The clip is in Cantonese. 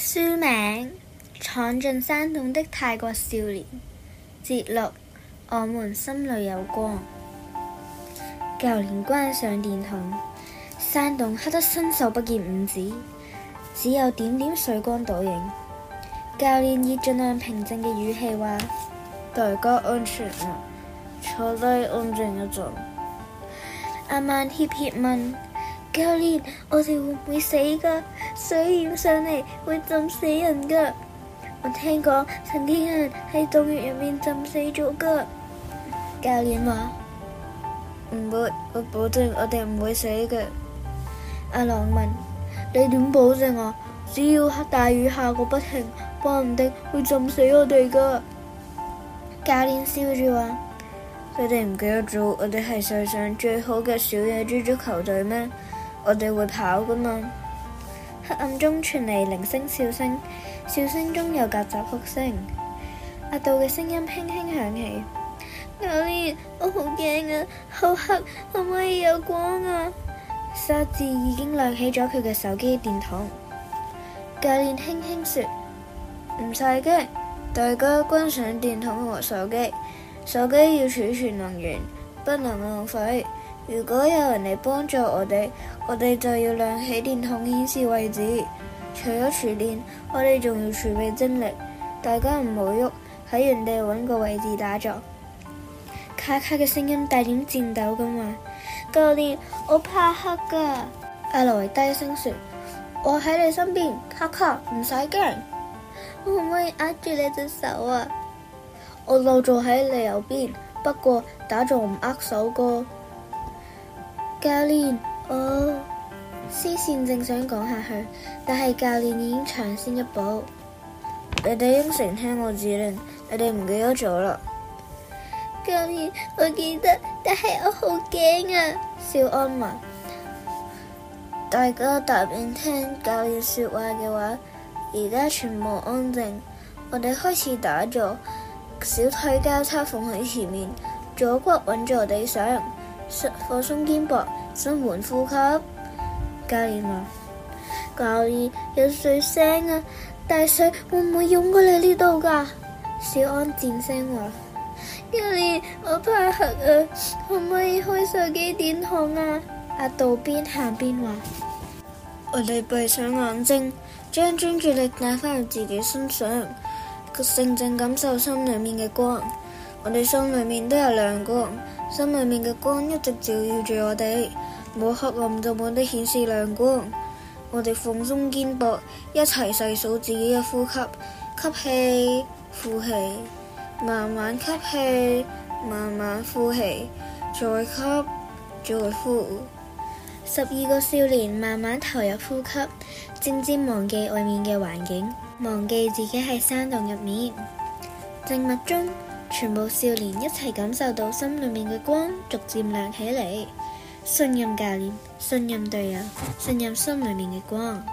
書名：闖進山洞的泰國少年。節錄：我們心裏有光。教練關上電筒，山洞黑得伸手不見五指，只有點點水光倒影。教練以盡量平靜嘅語氣話：大家安全啦，坐低安靜一陣。阿曼怯怯問。教練，我哋會唔會死噶？水染上嚟，會浸死人噶。我聽講曾經有人喺洞穴入面浸死咗噶。教練話：唔會，我保證我哋唔會死噶。阿郎問：你點保證啊？只要大雨下個不停，話唔定會浸死我哋噶。教練笑住話：佢哋唔記得咗，我哋係世上最好嘅小野豬足球隊咩？我哋會跑㗎嘛？黑暗中傳嚟鈴聲、笑聲、笑聲中有夾雜哭聲。阿道嘅聲音輕輕響起：教練，我好驚啊，好黑，可唔可以有光啊？沙治已經亮起咗佢嘅手機電筒。教練輕輕,輕說：唔使驚，大家關上電筒和手機，手機要儲存能源，不能浪費。如果有人嚟幫助我哋，我哋就要亮起電筒顯示位置。除咗儲電，我哋仲要儲備精力。大家唔好喐，喺原地揾個位置打坐。卡卡嘅聲音帶點顫抖咁話：教練，我怕黑噶。阿羅低聲說：我喺你身邊，卡卡唔使驚。我可唔可以握住你隻手啊？我露座喺你右邊，不過打坐唔握手噶。教練，我師善正想講下去，但係教練已經搶先一步。你哋應承聽我指令，你哋唔記得咗啦。教練，我記得，但係我好驚啊！小安文，大家答應聽教練說話嘅話。而家全部安靜，我哋開始打坐，小腿交叉放喺前面，左腳穩住地上。火放鬆肩膊，深緩呼吸。教練話、啊：教練有水聲啊，大水會唔會湧過嚟呢度噶？小安戰聲話、啊：教練我怕黑啊，可唔可以開手機點看啊？阿杜邊行邊話：我哋閉上眼睛，將專注力帶翻去自己身上，佢靜靜感受心裡面嘅光。我哋心裏面都有亮光，心裏面嘅光一直照耀住我哋。冇黑暗就冇得顯示亮光。我哋放鬆肩膊，一齊細數自己嘅呼吸，吸氣、呼氣，慢慢吸氣，慢慢呼氣，再吸，再呼。十二個少年慢慢投入呼吸，漸漸忘記外面嘅環境，忘記自己喺山洞入面。靜默中。全部少年一齊感受到心裏面嘅光，逐漸亮起嚟。信任教練，信任隊友，信任心裏面嘅光。